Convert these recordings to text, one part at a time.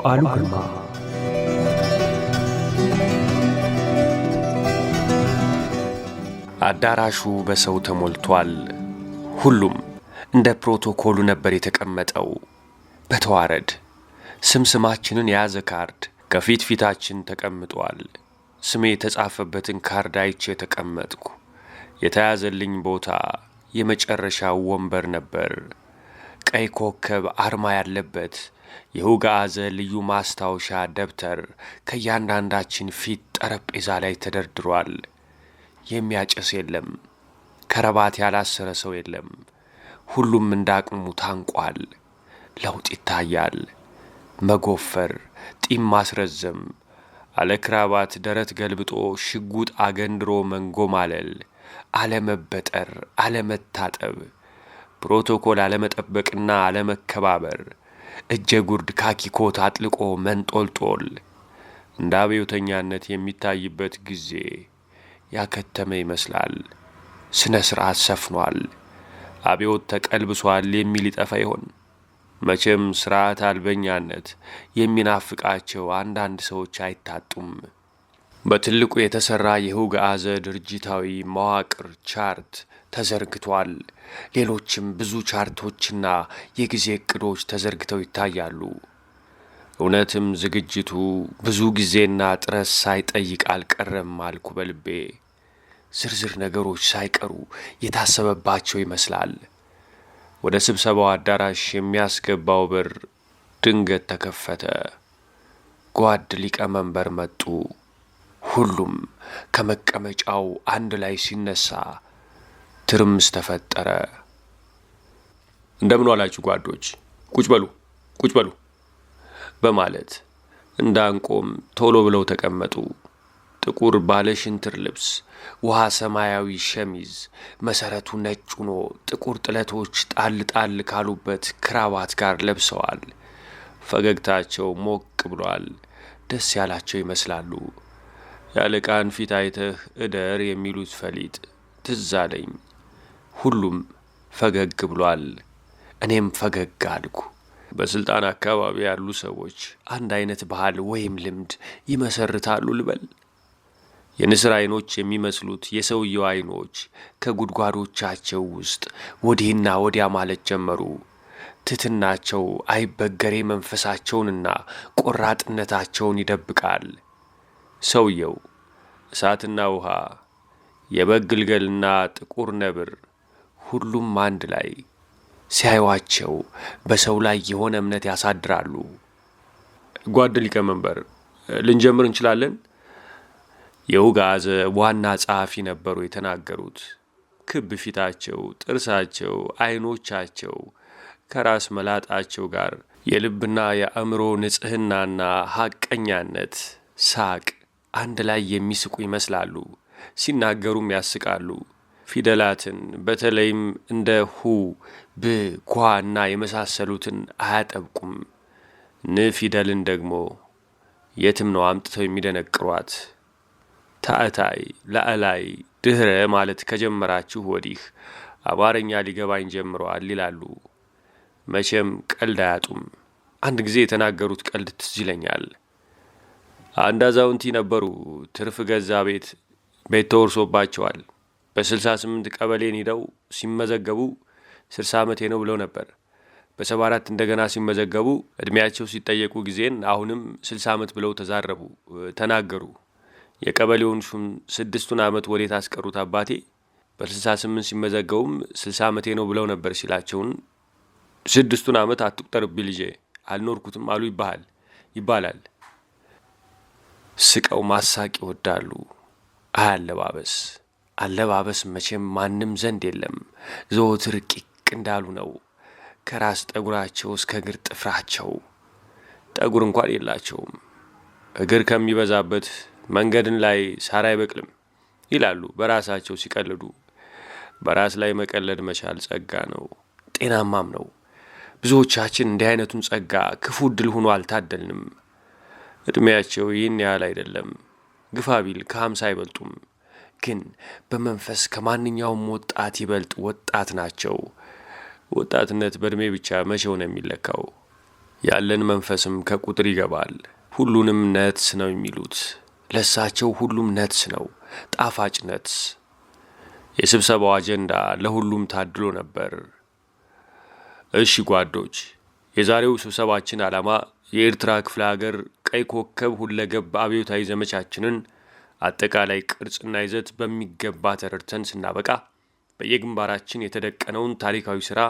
በዓሉ ግርማ አዳራሹ በሰው ተሞልቷል። ሁሉም እንደ ፕሮቶኮሉ ነበር የተቀመጠው። በተዋረድ ስምስማችንን የያዘ ካርድ ከፊት ፊታችን ተቀምጧል። ስሜ የተጻፈበትን ካርድ አይቼ ተቀመጥኩ። የተያዘልኝ ቦታ የመጨረሻው ወንበር ነበር። ቀይ ኮከብ አርማ ያለበት አዘ ልዩ ማስታወሻ ደብተር ከእያንዳንዳችን ፊት ጠረጴዛ ላይ ተደርድሯል። የሚያጨስ የለም። ከረባት ያላሰረ ሰው የለም። ሁሉም እንዳቅሙ ታንቋል። ለውጥ ይታያል። መጎፈር፣ ጢም ማስረዘም፣ አለክራባት ደረት ገልብጦ ሽጉጥ አገንድሮ መንጎማለል፣ አለመበጠር፣ አለመታጠብ፣ ፕሮቶኮል አለመጠበቅና አለመከባበር እጀ ጉርድ ካኪ ኮት አጥልቆ መንጦልጦል እንደ አብዮተኛነት የሚታይበት ጊዜ ያከተመ ይመስላል። ስነ ስርዓት ሰፍኗል። አብዮት ተቀልብሷል የሚል ይጠፋ ይሆን? መቼም ስርዓት አልበኛነት የሚናፍቃቸው አንዳንድ ሰዎች አይታጡም። በትልቁ የተሰራ የሁግአዘ ድርጅታዊ መዋቅር ቻርት ተዘርግቷል። ሌሎችም ብዙ ቻርቶችና የጊዜ እቅዶች ተዘርግተው ይታያሉ። እውነትም ዝግጅቱ ብዙ ጊዜና ጥረት ሳይጠይቅ አልቀረም አልኩ በልቤ። ዝርዝር ነገሮች ሳይቀሩ የታሰበባቸው ይመስላል። ወደ ስብሰባው አዳራሽ የሚያስገባው በር ድንገት ተከፈተ። ጓድ ሊቀመንበር መጡ። ሁሉም ከመቀመጫው አንድ ላይ ሲነሳ ትርምስ ተፈጠረ። እንደምን ዋላችሁ ጓዶች፣ ቁጭ በሉ ቁጭ በሉ በማለት እንዳንቆም ቶሎ ብለው ተቀመጡ። ጥቁር ባለ ሽንትር ልብስ፣ ውሃ ሰማያዊ ሸሚዝ፣ መሰረቱ ነጭ ሆኖ ጥቁር ጥለቶች ጣል ጣል ካሉበት ክራባት ጋር ለብሰዋል። ፈገግታቸው ሞቅ ብሏል። ደስ ያላቸው ይመስላሉ። የአለቃን ፊት አይተህ እደር የሚሉት ፈሊጥ ትዝ አለኝ። ሁሉም ፈገግ ብሏል። እኔም ፈገግ አልኩ። በስልጣን አካባቢ ያሉ ሰዎች አንድ አይነት ባህል ወይም ልምድ ይመሰርታሉ ልበል። የንስር አይኖች የሚመስሉት የሰውየው አይኖች ከጉድጓዶቻቸው ውስጥ ወዲህና ወዲያ ማለት ጀመሩ። ትትናቸው አይበገሬ መንፈሳቸውንና ቆራጥነታቸውን ይደብቃል። ሰውየው እሳትና ውሃ፣ የበግ ግልገልና ጥቁር ነብር፣ ሁሉም አንድ ላይ ሲያዩዋቸው በሰው ላይ የሆነ እምነት ያሳድራሉ። ጓድ ሊቀመንበር፣ ልንጀምር እንችላለን? የውጋዝ ዋና ጸሐፊ ነበሩ የተናገሩት። ክብ ፊታቸው፣ ጥርሳቸው፣ አይኖቻቸው ከራስ መላጣቸው ጋር የልብና የአእምሮ ንጽህናና ሐቀኛነት ሳቅ አንድ ላይ የሚስቁ ይመስላሉ። ሲናገሩም ያስቃሉ። ፊደላትን በተለይም እንደ ሁ፣ ብ፣ ኳ እና የመሳሰሉትን አያጠብቁም። ን ፊደልን ደግሞ የትም ነው አምጥተው የሚደነቅሯት። ታእታይ ላዕላይ፣ ድኅረ ማለት ከጀመራችሁ ወዲህ አማርኛ ሊገባኝ ጀምረዋል ይላሉ። መቼም ቀልድ አያጡም። አንድ ጊዜ የተናገሩት ቀልድ ትዝ ይለኛል። አንድ አዛውንቲ ነበሩ። ትርፍ ገዛ ቤት ቤት ተወርሶባቸዋል። በ68 ቀበሌን ሂደው ሲመዘገቡ 60 ዓመቴ ነው ብለው ነበር። በ74 እንደገና ሲመዘገቡ እድሜያቸው ሲጠየቁ ጊዜን አሁንም 60 ዓመት ብለው ተዛረቡ፣ ተናገሩ። የቀበሌውን ሹም ስድስቱን ዓመት ወዴት አስቀሩት አባቴ? በ68 ሲመዘገቡም 60 ዓመቴ ነው ብለው ነበር ሲላቸውን ስድስቱን ዓመት አትቁጠርብ ልጄ አልኖርኩትም አሉ ይባሃል ይባላል ስቀው ማሳቅ ይወዳሉ። አያለባበስ አለባበስ መቼም ማንም ዘንድ የለም፣ ዘወትር ቂቅ እንዳሉ ነው። ከራስ ጠጉራቸው እስከ እግር ጥፍራቸው ጠጉር እንኳን የላቸውም። እግር ከሚበዛበት መንገድን ላይ ሳር አይበቅልም ይላሉ በራሳቸው ሲቀልዱ። በራስ ላይ መቀለድ መቻል ጸጋ ነው፣ ጤናማም ነው። ብዙዎቻችን እንዲህ አይነቱን ጸጋ ክፉ ድል ሆኖ አልታደልንም። ዕድሜያቸው ይህን ያህል አይደለም፣ ግፋ ቢል ከሀምሳ አይበልጡም። ግን በመንፈስ ከማንኛውም ወጣት ይበልጥ ወጣት ናቸው። ወጣትነት በእድሜ ብቻ መቼ ነው የሚለካው? ያለን መንፈስም ከቁጥር ይገባል። ሁሉንም ነትስ ነው የሚሉት። ለሳቸው ሁሉም ነትስ ነው፣ ጣፋጭ ነትስ። የስብሰባው አጀንዳ ለሁሉም ታድሎ ነበር። እሺ ጓዶች፣ የዛሬው ስብሰባችን ዓላማ የኤርትራ ክፍለ ሀገር ቀይ ኮከብ ሁለገብ አብዮታዊ ዘመቻችንን አጠቃላይ ቅርጽና ይዘት በሚገባ ተረድተን ስናበቃ በየግንባራችን የተደቀነውን ታሪካዊ ስራ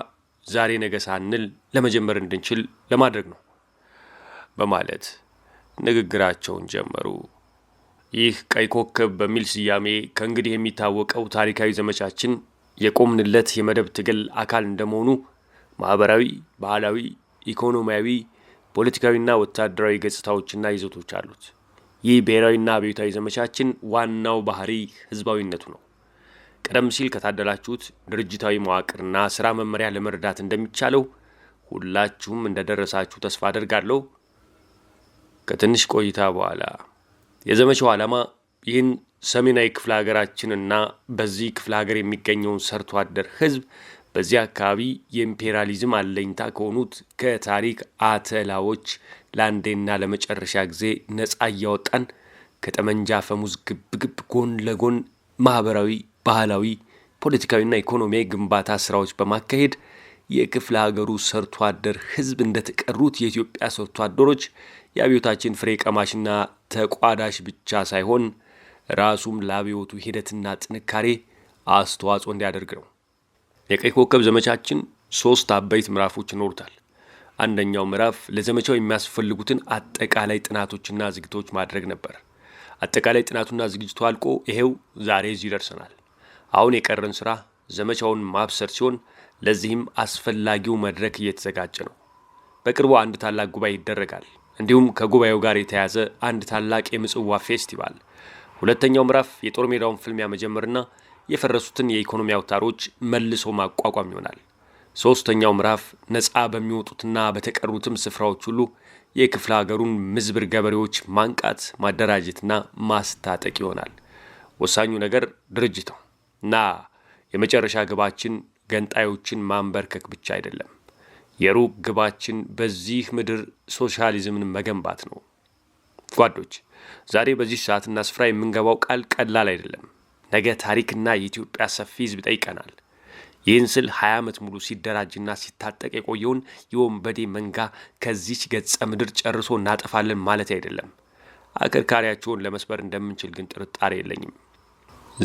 ዛሬ ነገ ሳንል ለመጀመር እንድንችል ለማድረግ ነው በማለት ንግግራቸውን ጀመሩ። ይህ ቀይ ኮከብ በሚል ስያሜ ከእንግዲህ የሚታወቀው ታሪካዊ ዘመቻችን የቆምንለት የመደብ ትግል አካል እንደመሆኑ ማኅበራዊ፣ ባህላዊ፣ ኢኮኖሚያዊ ፖለቲካዊና ወታደራዊ ገጽታዎችና ይዘቶች አሉት። ይህ ብሔራዊና አብዮታዊ ዘመቻችን ዋናው ባህሪ ህዝባዊነቱ ነው። ቀደም ሲል ከታደላችሁት ድርጅታዊ መዋቅርና ስራ መመሪያ ለመረዳት እንደሚቻለው ሁላችሁም እንደደረሳችሁ ተስፋ አደርጋለሁ። ከትንሽ ቆይታ በኋላ የዘመቻው ዓላማ ይህን ሰሜናዊ ክፍለ ሀገራችንና በዚህ ክፍለ ሀገር የሚገኘውን ሰርቶ አደር ህዝብ በዚህ አካባቢ የኢምፔሪያሊዝም አለኝታ ከሆኑት ከታሪክ አተላዎች ለአንዴና ለመጨረሻ ጊዜ ነፃ እያወጣን ከጠመንጃ ፈሙዝ ግብግብ ጎን ለጎን ማህበራዊ ባህላዊ፣ ፖለቲካዊና ኢኮኖሚያዊ ግንባታ ስራዎች በማካሄድ የክፍለ ሀገሩ ሰርቶ አደር ህዝብ እንደተቀሩት የኢትዮጵያ ሰርቶ አደሮች የአብዮታችን ፍሬ ቀማሽና ተቋዳሽ ብቻ ሳይሆን ራሱም ለአብዮቱ ሂደትና ጥንካሬ አስተዋጽኦ እንዲያደርግ ነው። የቀይ ኮከብ ዘመቻችን ሶስት አበይት ምዕራፎች ይኖሩታል። አንደኛው ምዕራፍ ለዘመቻው የሚያስፈልጉትን አጠቃላይ ጥናቶችና ዝግቶች ማድረግ ነበር። አጠቃላይ ጥናቱና ዝግጅቱ አልቆ ይሄው ዛሬ እዚህ ደርሰናል። አሁን የቀረን ስራ ዘመቻውን ማብሰር ሲሆን ለዚህም አስፈላጊው መድረክ እየተዘጋጀ ነው። በቅርቡ አንድ ታላቅ ጉባኤ ይደረጋል። እንዲሁም ከጉባኤው ጋር የተያያዘ አንድ ታላቅ የምጽዋ ፌስቲቫል። ሁለተኛው ምዕራፍ የጦር ሜዳውን ፍልሚያ መጀመርና የፈረሱትን የኢኮኖሚ አውታሮች መልሶ ማቋቋም ይሆናል። ሦስተኛው ምዕራፍ ነፃ በሚወጡትና በተቀሩትም ስፍራዎች ሁሉ የክፍለ ሀገሩን ምዝብር ገበሬዎች ማንቃት፣ ማደራጀትና ማስታጠቅ ይሆናል። ወሳኙ ነገር ድርጅት ነው እና የመጨረሻ ግባችን ገንጣዮችን ማንበርከክ ብቻ አይደለም። የሩቅ ግባችን በዚህ ምድር ሶሻሊዝምን መገንባት ነው። ጓዶች ዛሬ በዚህ ሰዓትና ስፍራ የምንገባው ቃል ቀላል አይደለም። ነገ ታሪክና የኢትዮጵያ ሰፊ ህዝብ ጠይቀናል። ይህን ስል ሀያ ዓመት ሙሉ ሲደራጅና ሲታጠቅ የቆየውን የወንበዴ መንጋ ከዚች ገጸ ምድር ጨርሶ እናጠፋለን ማለት አይደለም። አከርካሪያቸውን ለመስበር እንደምንችል ግን ጥርጣሬ የለኝም።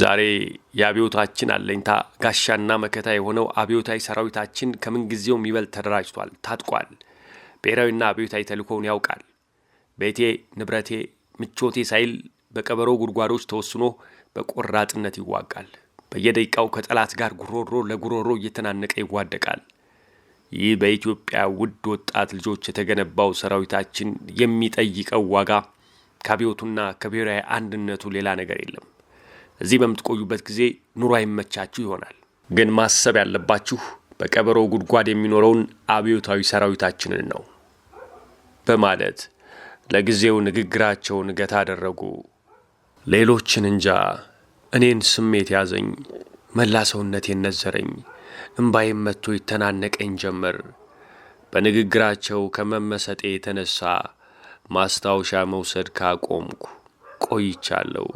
ዛሬ የአብዮታችን አለኝታ ጋሻና መከታ የሆነው አብዮታዊ ሰራዊታችን ከምንጊዜውም ይበልጥ ተደራጅቷል፣ ታጥቋል። ብሔራዊና አብዮታዊ ተልእኮውን ያውቃል። ቤቴ፣ ንብረቴ፣ ምቾቴ ሳይል በቀበሮ ጉድጓዶች ተወስኖ በቆራጥነት ይዋጋል። በየደቂቃው ከጠላት ጋር ጉሮሮ ለጉሮሮ እየተናነቀ ይዋደቃል። ይህ በኢትዮጵያ ውድ ወጣት ልጆች የተገነባው ሰራዊታችን የሚጠይቀው ዋጋ ከአብዮቱና ከብሔራዊ አንድነቱ ሌላ ነገር የለም። እዚህ በምትቆዩበት ጊዜ ኑሮ አይመቻችሁ ይሆናል። ግን ማሰብ ያለባችሁ በቀበሮ ጉድጓድ የሚኖረውን አብዮታዊ ሰራዊታችንን ነው በማለት ለጊዜው ንግግራቸውን ገታ አደረጉ። ሌሎችን እንጃ እኔን ስሜት ያዘኝ፣ መላ ሰውነቴን ነዘረኝ፣ እምባይም መጥቶ ይተናነቀኝ ጀመር። በንግግራቸው ከመመሰጤ የተነሳ ማስታወሻ መውሰድ ካቆምኩ ቆይቻለሁ።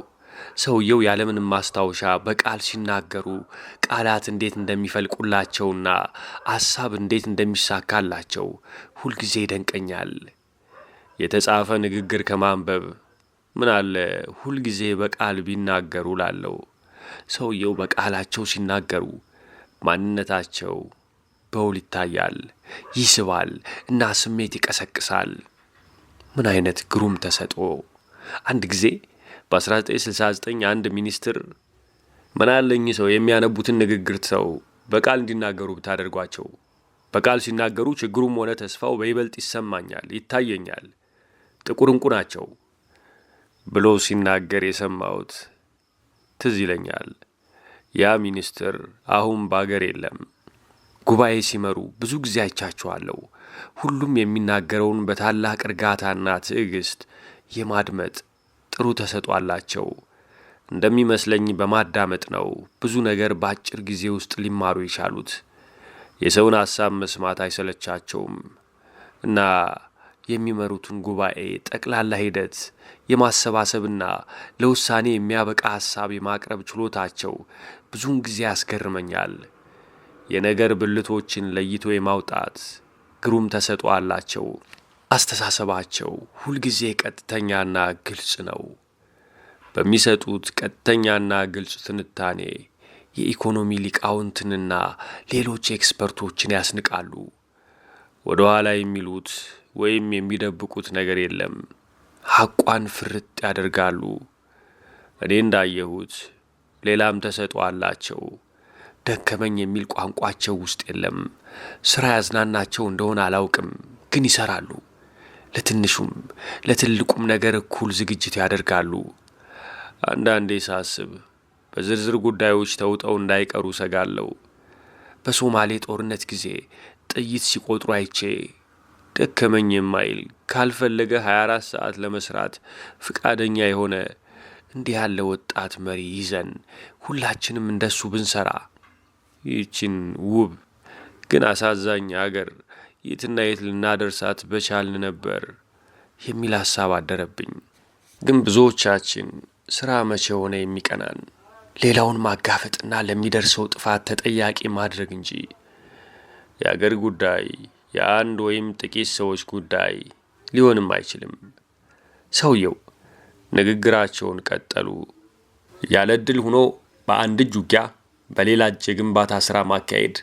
ሰውየው ያለምንም ማስታወሻ በቃል ሲናገሩ ቃላት እንዴት እንደሚፈልቁላቸውና አሳብ እንዴት እንደሚሳካላቸው ሁልጊዜ ይደንቀኛል። የተጻፈ ንግግር ከማንበብ ምን አለ ሁልጊዜ በቃል ቢናገሩ ላለው ሰውየው በቃላቸው ሲናገሩ ማንነታቸው በውል ይታያል፣ ይስባል እና ስሜት ይቀሰቅሳል። ምን አይነት ግሩም ተሰጦ! አንድ ጊዜ በ1969 አንድ ሚኒስትር ምን አለኝ ሰው የሚያነቡትን ንግግር ሰው በቃል እንዲናገሩ ብታደርጓቸው፣ በቃል ሲናገሩ ችግሩም ሆነ ተስፋው በይበልጥ ይሰማኛል፣ ይታየኛል። ጥቁር እንቁ ናቸው። ብሎ ሲናገር የሰማሁት ትዝ ይለኛል። ያ ሚኒስትር አሁን በአገር የለም። ጉባኤ ሲመሩ ብዙ ጊዜ አይቻችኋለሁ። ሁሉም የሚናገረውን በታላቅ እርጋታና ትዕግስት የማድመጥ ጥሩ ተሰጧላቸው። እንደሚመስለኝ በማዳመጥ ነው ብዙ ነገር በአጭር ጊዜ ውስጥ ሊማሩ የቻሉት። የሰውን ሐሳብ መስማት አይሰለቻቸውም እና የሚመሩትን ጉባኤ ጠቅላላ ሂደት የማሰባሰብና ለውሳኔ የሚያበቃ ሐሳብ የማቅረብ ችሎታቸው ብዙውን ጊዜ ያስገርመኛል። የነገር ብልቶችን ለይቶ የማውጣት ግሩም ተሰጦ አላቸው። አስተሳሰባቸው ሁልጊዜ ቀጥተኛና ግልጽ ነው። በሚሰጡት ቀጥተኛና ግልጽ ትንታኔ የኢኮኖሚ ሊቃውንትንና ሌሎች ኤክስፐርቶችን ያስንቃሉ። ወደ ኋላ የሚሉት ወይም የሚደብቁት ነገር የለም። ሐቋን ፍርጥ ያደርጋሉ። እኔ እንዳየሁት ሌላም ተሰጥኦ አላቸው። ደከመኝ የሚል ቋንቋቸው ውስጥ የለም። ሥራ ያዝናናቸው እንደሆነ አላውቅም፣ ግን ይሠራሉ። ለትንሹም ለትልቁም ነገር እኩል ዝግጅት ያደርጋሉ። አንዳንዴ ሳስብ በዝርዝር ጉዳዮች ተውጠው እንዳይቀሩ ሰጋለሁ። በሶማሌ ጦርነት ጊዜ ጥይት ሲቆጥሩ አይቼ ደከመኝ የማይል ካልፈለገ 24 ሰዓት ለመስራት ፍቃደኛ የሆነ እንዲህ ያለ ወጣት መሪ ይዘን ሁላችንም እንደሱ ብንሰራ ይህችን ውብ ግን አሳዛኝ አገር የትና የት ልናደርሳት በቻልን ነበር የሚል ሀሳብ አደረብኝ። ግን ብዙዎቻችን ስራ መቼ ሆነ የሚቀናን ሌላውን ማጋፈጥና ለሚደርሰው ጥፋት ተጠያቂ ማድረግ እንጂ የአገር ጉዳይ የአንድ ወይም ጥቂት ሰዎች ጉዳይ ሊሆንም አይችልም። ሰውየው ንግግራቸውን ቀጠሉ። ያለ ዕድል ሆኖ በአንድ እጅ ውጊያ፣ በሌላ እጅ የግንባታ ሥራ ማካሄድ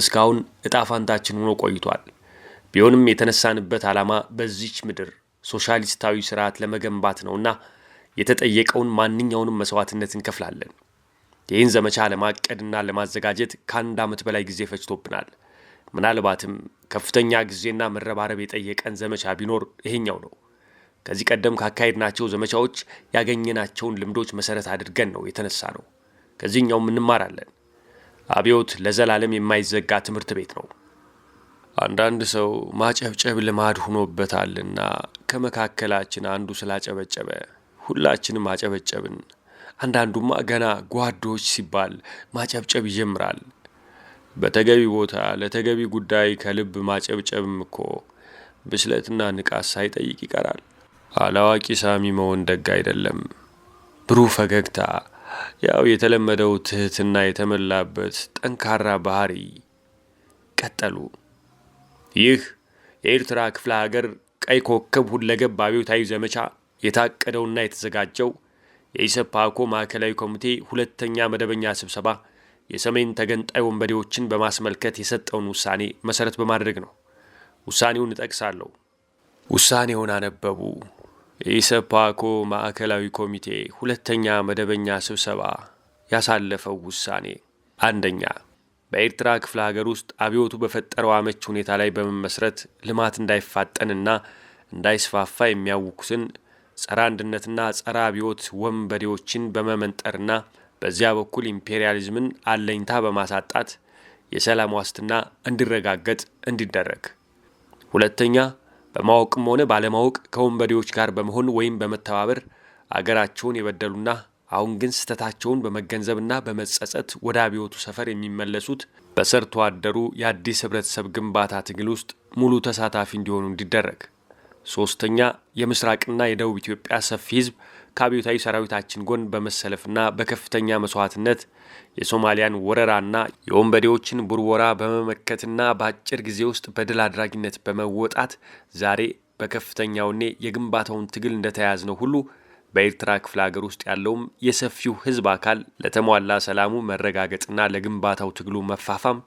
እስካሁን እጣፋንታችን ሆኖ ቆይቷል። ቢሆንም የተነሳንበት ዓላማ በዚች ምድር ሶሻሊስታዊ ስርዓት ለመገንባት ነውና የተጠየቀውን ማንኛውንም መስዋዕትነት እንከፍላለን። ይህን ዘመቻ ለማቀድና ለማዘጋጀት ከአንድ ዓመት በላይ ጊዜ ፈጅቶብናል። ምናልባትም ከፍተኛ ጊዜና መረባረብ የጠየቀን ዘመቻ ቢኖር ይሄኛው ነው። ከዚህ ቀደም ካካሄድናቸው ዘመቻዎች ያገኘናቸውን ልምዶች መሰረት አድርገን ነው የተነሳ ነው። ከዚህኛው እንማራለን። አብዮት ለዘላለም የማይዘጋ ትምህርት ቤት ነው። አንዳንድ ሰው ማጨብጨብ ልማድ ሆኖበታልና ከመካከላችን አንዱ ስላጨበጨበ ሁላችንም አጨበጨብን። አንዳንዱማ ገና ጓዶች ሲባል ማጨብጨብ ይጀምራል። በተገቢ ቦታ ለተገቢ ጉዳይ ከልብ ማጨብጨብም እኮ ብስለትና ንቃት ሳይጠይቅ ይቀራል። አላዋቂ ሳሚ መሆን ደግ አይደለም። ብሩህ ፈገግታ፣ ያው የተለመደው ትህትና የተሞላበት ጠንካራ ባህሪ። ቀጠሉ። ይህ የኤርትራ ክፍለ ሀገር ቀይ ኮከብ ሁለገብ አብዮታዊ ዘመቻ የታቀደውና የተዘጋጀው የኢሰፓኮ ማዕከላዊ ኮሚቴ ሁለተኛ መደበኛ ስብሰባ የሰሜን ተገንጣይ ወንበዴዎችን በማስመልከት የሰጠውን ውሳኔ መሰረት በማድረግ ነው። ውሳኔውን እጠቅሳለሁ። ውሳኔውን አነበቡ። የኢሰፓኮ ማዕከላዊ ኮሚቴ ሁለተኛ መደበኛ ስብሰባ ያሳለፈው ውሳኔ አንደኛ በኤርትራ ክፍለ ሀገር ውስጥ አብዮቱ በፈጠረው አመች ሁኔታ ላይ በመመስረት ልማት እንዳይፋጠንና እንዳይስፋፋ የሚያውኩትን ጸረ አንድነትና ጸረ አብዮት ወንበዴዎችን በመመንጠርና በዚያ በኩል ኢምፔሪያሊዝምን አለኝታ በማሳጣት የሰላም ዋስትና እንዲረጋገጥ እንዲደረግ፣ ሁለተኛ በማወቅም ሆነ ባለማወቅ ከወንበዴዎች ጋር በመሆን ወይም በመተባበር አገራቸውን የበደሉና አሁን ግን ስህተታቸውን በመገንዘብና በመጸጸት ወደ አብዮቱ ሰፈር የሚመለሱት በሰርቶ አደሩ የአዲስ ህብረተሰብ ግንባታ ትግል ውስጥ ሙሉ ተሳታፊ እንዲሆኑ እንዲደረግ፣ ሶስተኛ የምስራቅና የደቡብ ኢትዮጵያ ሰፊ ህዝብ ከአብዮታዊ ሰራዊታችን ጎን በመሰለፍና በከፍተኛ መስዋዕትነት የሶማሊያን ወረራና የወንበዴዎችን ቡርወራ በመመከትና በአጭር ጊዜ ውስጥ በድል አድራጊነት በመወጣት ዛሬ በከፍተኛውኔ የግንባታውን ትግል እንደተያያዝ ነው ሁሉ በኤርትራ ክፍለ ሀገር ውስጥ ያለውም የሰፊው ህዝብ አካል ለተሟላ ሰላሙ መረጋገጥና ለግንባታው ትግሉ መፋፋም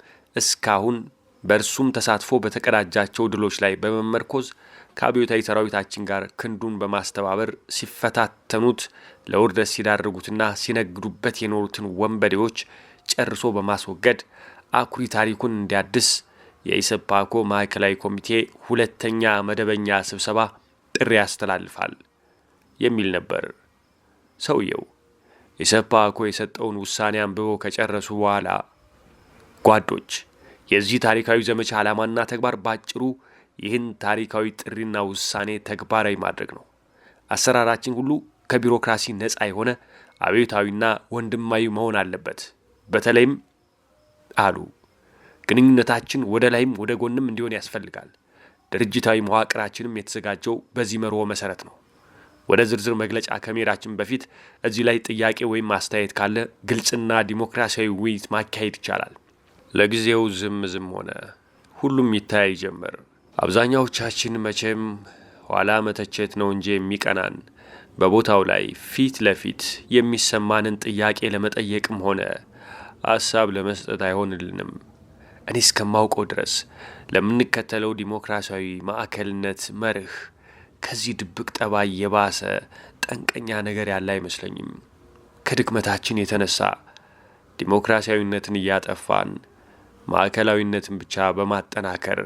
እስካሁን በእርሱም ተሳትፎ በተቀዳጃቸው ድሎች ላይ በመመርኮዝ ከአብዮታዊ ሰራዊታችን ጋር ክንዱን በማስተባበር ሲፈታተኑት ለውርደት ሲዳርጉትና ሲነግዱበት የኖሩትን ወንበዴዎች ጨርሶ በማስወገድ አኩሪ ታሪኩን እንዲያድስ የኢሰፓኮ ማዕከላዊ ኮሚቴ ሁለተኛ መደበኛ ስብሰባ ጥሪ ያስተላልፋል የሚል ነበር። ሰውየው ኢሰፓኮ የሰጠውን ውሳኔ አንብቦ ከጨረሱ በኋላ ጓዶች፣ የዚህ ታሪካዊ ዘመቻ ዓላማና ተግባር ባጭሩ ይህን ታሪካዊ ጥሪና ውሳኔ ተግባራዊ ማድረግ ነው። አሰራራችን ሁሉ ከቢሮክራሲ ነፃ የሆነ አብዮታዊና ወንድማዊ መሆን አለበት። በተለይም አሉ ግንኙነታችን ወደ ላይም ወደ ጎንም እንዲሆን ያስፈልጋል። ድርጅታዊ መዋቅራችንም የተዘጋጀው በዚህ መርሆ መሰረት ነው። ወደ ዝርዝር መግለጫ ከመሄዳችን በፊት እዚህ ላይ ጥያቄ ወይም ማስተያየት ካለ ግልጽና ዲሞክራሲያዊ ውይይት ማካሄድ ይቻላል። ለጊዜው ዝም ዝም ሆነ። ሁሉም ይታያይ ጀመር። አብዛኛዎቻችን መቼም ኋላ መተቸት ነው እንጂ የሚቀናን በቦታው ላይ ፊት ለፊት የሚሰማንን ጥያቄ ለመጠየቅም ሆነ አሳብ ለመስጠት አይሆንልንም። እኔ እስከማውቀው ድረስ ለምንከተለው ዲሞክራሲያዊ ማዕከልነት መርህ ከዚህ ድብቅ ጠባይ የባሰ ጠንቀኛ ነገር ያለ አይመስለኝም። ከድክመታችን የተነሳ ዲሞክራሲያዊነትን እያጠፋን ማዕከላዊነትን ብቻ በማጠናከር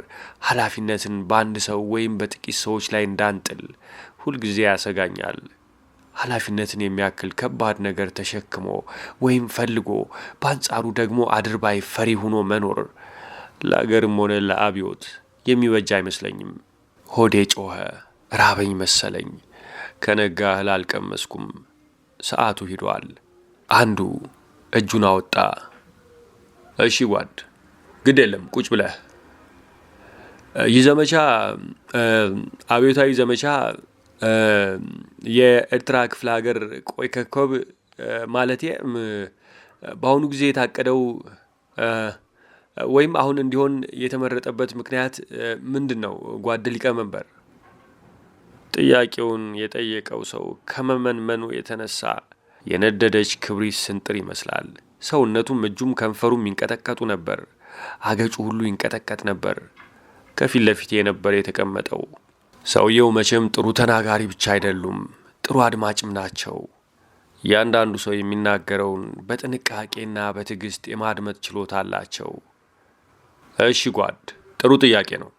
ኃላፊነትን በአንድ ሰው ወይም በጥቂት ሰዎች ላይ እንዳንጥል ሁልጊዜ ያሰጋኛል። ኃላፊነትን የሚያክል ከባድ ነገር ተሸክሞ ወይም ፈልጎ፣ በአንጻሩ ደግሞ አድርባይ ፈሪ ሆኖ መኖር ለአገርም ሆነ ለአብዮት የሚበጅ አይመስለኝም። ሆዴ ጮኸ። ራበኝ መሰለኝ። ከነጋ እህል አልቀመስኩም። ሰዓቱ ሂዷል። አንዱ እጁን አወጣ። እሺ ጓድ ግድ የለም ቁጭ ብለህ ይህ ዘመቻ አብዮታዊ ዘመቻ የኤርትራ ክፍለ ሀገር ቆይ ከኮብ ማለቴ በአሁኑ ጊዜ የታቀደው ወይም አሁን እንዲሆን የተመረጠበት ምክንያት ምንድን ነው? ጓድ ሊቀመንበር ጥያቄውን የጠየቀው ሰው ከመመንመኑ የተነሳ የነደደች ክብሪት ስንጥር ይመስላል። ሰውነቱም እጁም ከንፈሩም ይንቀጠቀጡ ነበር። አገጩ ሁሉ ይንቀጠቀጥ ነበር። ከፊት ለፊቴ ነበር የተቀመጠው። ሰውየው መቼም ጥሩ ተናጋሪ ብቻ አይደሉም፣ ጥሩ አድማጭም ናቸው። እያንዳንዱ ሰው የሚናገረውን በጥንቃቄና በትዕግስት የማድመጥ ችሎታ አላቸው። እሺ ጓድ፣ ጥሩ ጥያቄ ነው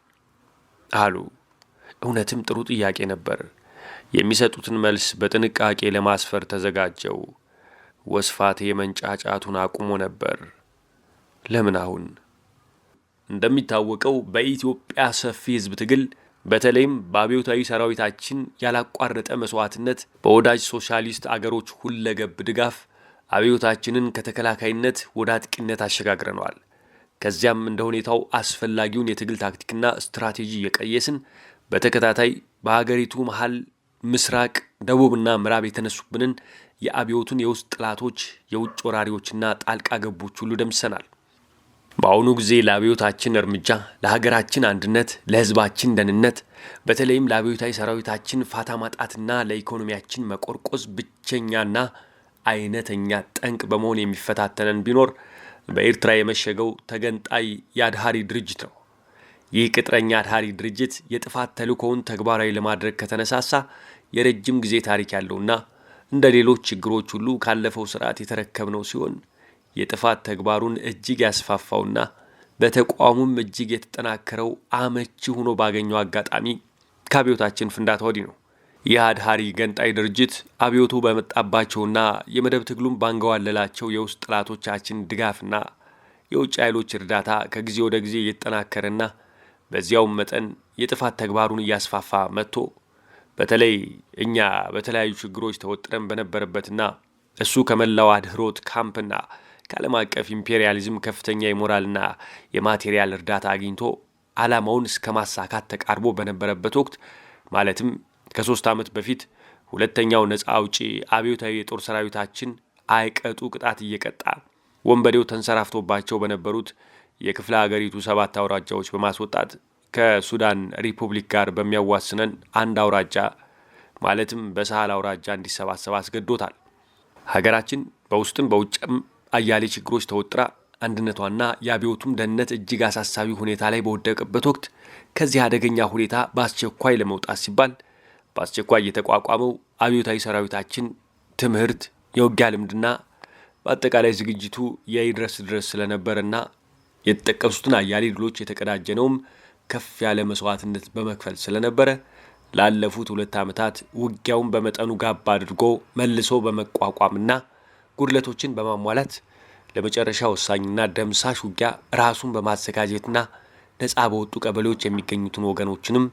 አሉ። እውነትም ጥሩ ጥያቄ ነበር። የሚሰጡትን መልስ በጥንቃቄ ለማስፈር ተዘጋጀው። ወስፋቴ መንጫጫቱን አቁሞ ነበር። ለምን አሁን እንደሚታወቀው በኢትዮጵያ ሰፊ ህዝብ ትግል በተለይም በአብዮታዊ ሰራዊታችን ያላቋረጠ መስዋዕትነት በወዳጅ ሶሻሊስት አገሮች ሁለገብ ድጋፍ አብዮታችንን ከተከላካይነት ወደ አጥቂነት አሸጋግረነዋል። ከዚያም እንደ ሁኔታው አስፈላጊውን የትግል ታክቲክና ስትራቴጂ እየቀየስን በተከታታይ በሀገሪቱ መሀል ምስራቅ፣ ደቡብና ምዕራብ የተነሱብንን የአብዮቱን የውስጥ ጠላቶች፣ የውጭ ወራሪዎችና ጣልቃ ገቦች ሁሉ ደምሰናል። በአሁኑ ጊዜ ለአብዮታችን እርምጃ፣ ለሀገራችን አንድነት፣ ለህዝባችን ደህንነት በተለይም ለአብዮታዊ ሰራዊታችን ፋታ ማጣትና ለኢኮኖሚያችን መቆርቆዝ ብቸኛና አይነተኛ ጠንቅ በመሆን የሚፈታተነን ቢኖር በኤርትራ የመሸገው ተገንጣይ የአድሃሪ ድርጅት ነው። ይህ ቅጥረኛ አድሃሪ ድርጅት የጥፋት ተልእኮውን ተግባራዊ ለማድረግ ከተነሳሳ የረጅም ጊዜ ታሪክ ያለውና እንደ ሌሎች ችግሮች ሁሉ ካለፈው ስርዓት የተረከብነው ሲሆን የጥፋት ተግባሩን እጅግ ያስፋፋውና በተቋሙም እጅግ የተጠናከረው አመቺ ሆኖ ባገኘው አጋጣሚ ከአብዮታችን ፍንዳታ ወዲህ ነው። ይህ አድሃሪ ገንጣይ ድርጅት አብዮቱ በመጣባቸውና የመደብ ትግሉም ባንገዋለላቸው የውስጥ ጠላቶቻችን ድጋፍና የውጭ ኃይሎች እርዳታ ከጊዜ ወደ ጊዜ እየተጠናከረና በዚያውም መጠን የጥፋት ተግባሩን እያስፋፋ መጥቶ በተለይ እኛ በተለያዩ ችግሮች ተወጥረን በነበረበትና እሱ ከመላው አድህሮት ካምፕና ከዓለም አቀፍ ኢምፔሪያሊዝም ከፍተኛ የሞራልና የማቴሪያል እርዳታ አግኝቶ ዓላማውን እስከ ማሳካት ተቃርቦ በነበረበት ወቅት ማለትም ከሶስት ዓመት በፊት ሁለተኛው ነፃ አውጪ አብዮታዊ የጦር ሰራዊታችን አይቀጡ ቅጣት እየቀጣ ወንበዴው ተንሰራፍቶባቸው በነበሩት የክፍለ አገሪቱ ሰባት አውራጃዎች በማስወጣት ከሱዳን ሪፑብሊክ ጋር በሚያዋስነን አንድ አውራጃ ማለትም በሳህል አውራጃ እንዲሰባሰብ አስገዶታል። ሀገራችን በውስጥም በውጭም አያሌ ችግሮች ተወጥራ አንድነቷና የአብዮቱም ደህንነት እጅግ አሳሳቢ ሁኔታ ላይ በወደቀበት ወቅት ከዚህ አደገኛ ሁኔታ በአስቸኳይ ለመውጣት ሲባል በአስቸኳይ የተቋቋመው አብዮታዊ ሰራዊታችን ትምህርት፣ የውጊያ ልምድና በአጠቃላይ ዝግጅቱ የይድረስ ድረስ ስለነበረና የተጠቀሱትን አያሌ ድሎች የተቀዳጀ ነውም ከፍ ያለ መስዋዕትነት በመክፈል ስለነበረ ላለፉት ሁለት ዓመታት ውጊያውን በመጠኑ ጋብ አድርጎ መልሶ በመቋቋምና ጉድለቶችን በማሟላት ለመጨረሻ ወሳኝና ደምሳሽ ውጊያ ራሱን በማዘጋጀትና ነፃ በወጡ ቀበሌዎች የሚገኙትን ወገኖችንም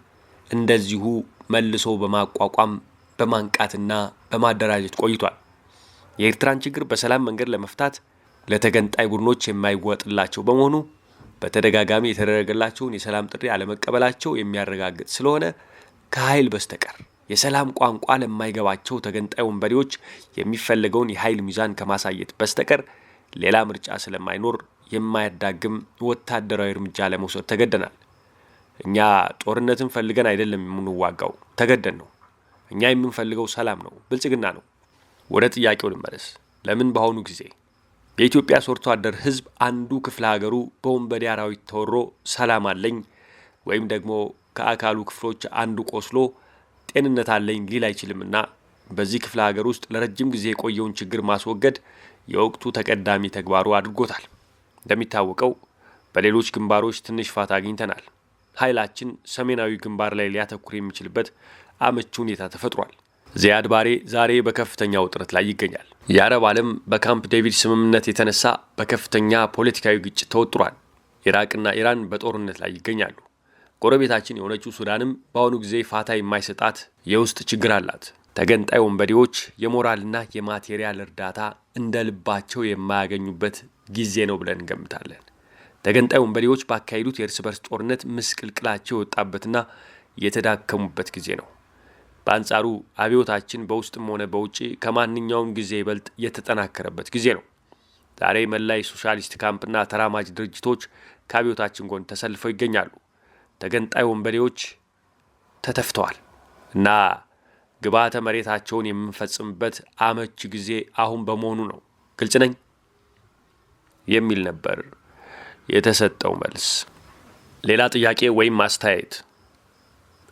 እንደዚሁ መልሶ በማቋቋም በማንቃትና በማደራጀት ቆይቷል። የኤርትራን ችግር በሰላም መንገድ ለመፍታት ለተገንጣይ ቡድኖች የማይወጥላቸው በመሆኑ በተደጋጋሚ የተደረገላቸውን የሰላም ጥሪ አለመቀበላቸው የሚያረጋግጥ ስለሆነ ከኃይል በስተቀር የሰላም ቋንቋ ለማይገባቸው ተገንጣይ ወንበዴዎች የሚፈለገውን የኃይል ሚዛን ከማሳየት በስተቀር ሌላ ምርጫ ስለማይኖር የማያዳግም ወታደራዊ እርምጃ ለመውሰድ ተገደናል። እኛ ጦርነትን ፈልገን አይደለም የምንዋጋው፣ ተገደን ነው። እኛ የምንፈልገው ሰላም ነው፣ ብልጽግና ነው። ወደ ጥያቄው ልመለስ። ለምን በአሁኑ ጊዜ የኢትዮጵያ ሰርቶ አደር ህዝብ አንዱ ክፍለ ሀገሩ በወንበዴ አራዊት ተወሮ ሰላም አለኝ ወይም ደግሞ ከአካሉ ክፍሎች አንዱ ቆስሎ ጤንነት አለኝ ሊል አይችልምና በዚህ ክፍለ ሀገር ውስጥ ለረጅም ጊዜ የቆየውን ችግር ማስወገድ የወቅቱ ተቀዳሚ ተግባሩ አድርጎታል። እንደሚታወቀው በሌሎች ግንባሮች ትንሽ ፋታ አግኝተናል። ኃይላችን ሰሜናዊ ግንባር ላይ ሊያተኩር የሚችልበት አመቺ ሁኔታ ተፈጥሯል። ዚያድ ባሬ ዛሬ በከፍተኛ ውጥረት ላይ ይገኛል። የአረብ ዓለም በካምፕ ዴቪድ ስምምነት የተነሳ በከፍተኛ ፖለቲካዊ ግጭት ተወጥሯል። ኢራቅና ኢራን በጦርነት ላይ ይገኛሉ። ጎረቤታችን የሆነችው ሱዳንም በአሁኑ ጊዜ ፋታ የማይሰጣት የውስጥ ችግር አላት። ተገንጣይ ወንበዴዎች የሞራልና የማቴሪያል እርዳታ እንደ ልባቸው የማያገኙበት ጊዜ ነው ብለን እንገምታለን። ተገንጣይ ወንበዴዎች ባካሄዱት የእርስ በርስ ጦርነት ምስቅልቅላቸው የወጣበትና የተዳከሙበት ጊዜ ነው። በአንጻሩ አብዮታችን በውስጥም ሆነ በውጭ ከማንኛውም ጊዜ ይበልጥ የተጠናከረበት ጊዜ ነው። ዛሬ መላይ ሶሻሊስት ካምፕና ተራማጅ ድርጅቶች ከአብዮታችን ጎን ተሰልፈው ይገኛሉ። ተገንጣይ ወንበዴዎች ተተፍተዋል እና ግብዓተ መሬታቸውን የምንፈጽምበት አመች ጊዜ አሁን በመሆኑ ነው። ግልጽ ነኝ የሚል ነበር የተሰጠው መልስ። ሌላ ጥያቄ ወይም አስተያየት?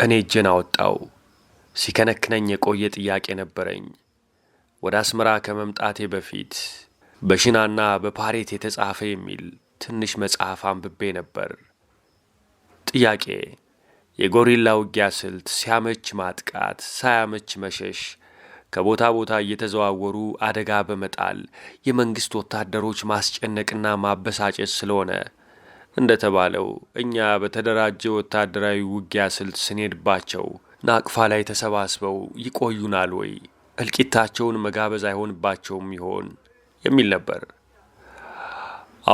እኔ እጄን አወጣው። ሲከነክነኝ የቆየ ጥያቄ ነበረኝ። ወደ አስመራ ከመምጣቴ በፊት በሽናና በፓሬት የተጻፈ የሚል ትንሽ መጽሐፍ አንብቤ ነበር። ጥያቄ የጎሪላ ውጊያ ስልት ሲያመች ማጥቃት፣ ሳያመች መሸሽ፣ ከቦታ ቦታ እየተዘዋወሩ አደጋ በመጣል የመንግሥት ወታደሮች ማስጨነቅና ማበሳጨት ስለሆነ እንደተባለው እኛ በተደራጀ ወታደራዊ ውጊያ ስልት ስንሄድባቸው ናቅፋ ላይ ተሰባስበው ይቆዩናል ወይ? እልቂታቸውን መጋበዝ አይሆንባቸውም ይሆን? የሚል ነበር።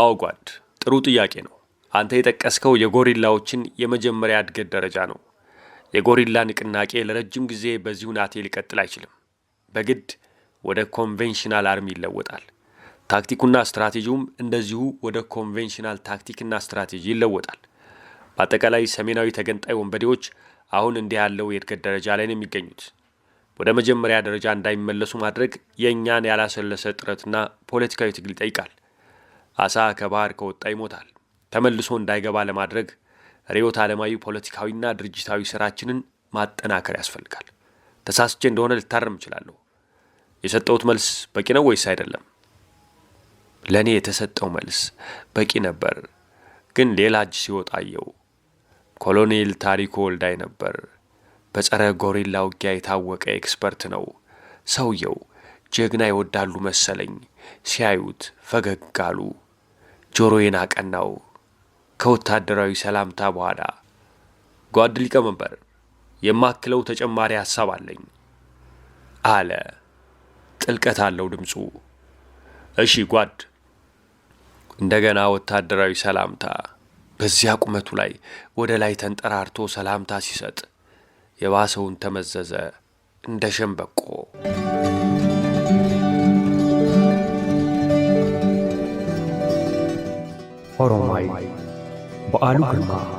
አዎ ጓድ፣ ጥሩ ጥያቄ ነው። አንተ የጠቀስከው የጎሪላዎችን የመጀመሪያ እድገት ደረጃ ነው። የጎሪላ ንቅናቄ ለረጅም ጊዜ በዚሁ ናቴ ሊቀጥል አይችልም። በግድ ወደ ኮንቬንሽናል አርሚ ይለወጣል። ታክቲኩና ስትራቴጂውም እንደዚሁ ወደ ኮንቬንሽናል ታክቲክና ስትራቴጂ ይለወጣል። በአጠቃላይ ሰሜናዊ ተገንጣይ ወንበዴዎች አሁን እንዲህ ያለው የእድገት ደረጃ ላይ ነው የሚገኙት። ወደ መጀመሪያ ደረጃ እንዳይመለሱ ማድረግ የእኛን ያላሰለሰ ጥረትና ፖለቲካዊ ትግል ይጠይቃል። አሳ ከባህር ከወጣ ይሞታል። ተመልሶ እንዳይገባ ለማድረግ ርዕዮተ ዓለማዊ ፖለቲካዊና ድርጅታዊ ስራችንን ማጠናከር ያስፈልጋል። ተሳስቼ እንደሆነ ልታረም እችላለሁ። የሰጠሁት መልስ በቂ ነው ወይስ አይደለም? ለእኔ የተሰጠው መልስ በቂ ነበር፣ ግን ሌላ እጅ ሲወጣ አየው። ኮሎኔል ታሪኩ ወልዳይ ነበር። በጸረ ጎሪላ ውጊያ የታወቀ ኤክስፐርት ነው ሰውየው። ጀግና ይወዳሉ መሰለኝ። ሲያዩት ፈገግ አሉ። ጆሮዬን አቀናው። ከወታደራዊ ሰላምታ በኋላ ጓድ ሊቀመንበር፣ የማክለው ተጨማሪ ሐሳብ አለኝ አለ። ጥልቀት አለው ድምፁ። እሺ ጓድ። እንደገና ወታደራዊ ሰላምታ። በዚያ ቁመቱ ላይ ወደ ላይ ተንጠራርቶ ሰላምታ ሲሰጥ የባሰውን ተመዘዘ እንደ ሸምበቆ። ኦሮማይ 不安分吗？